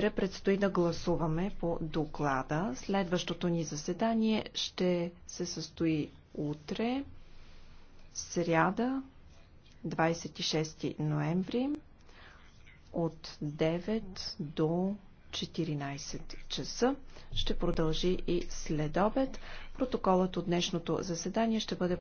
Утре предстои да гласуваме по доклада. Следващото ни заседание ще се състои утре, сряда, 26 ноември, от 9 до 14 часа. Ще продължи и след обед. Протоколът от днешното заседание ще бъде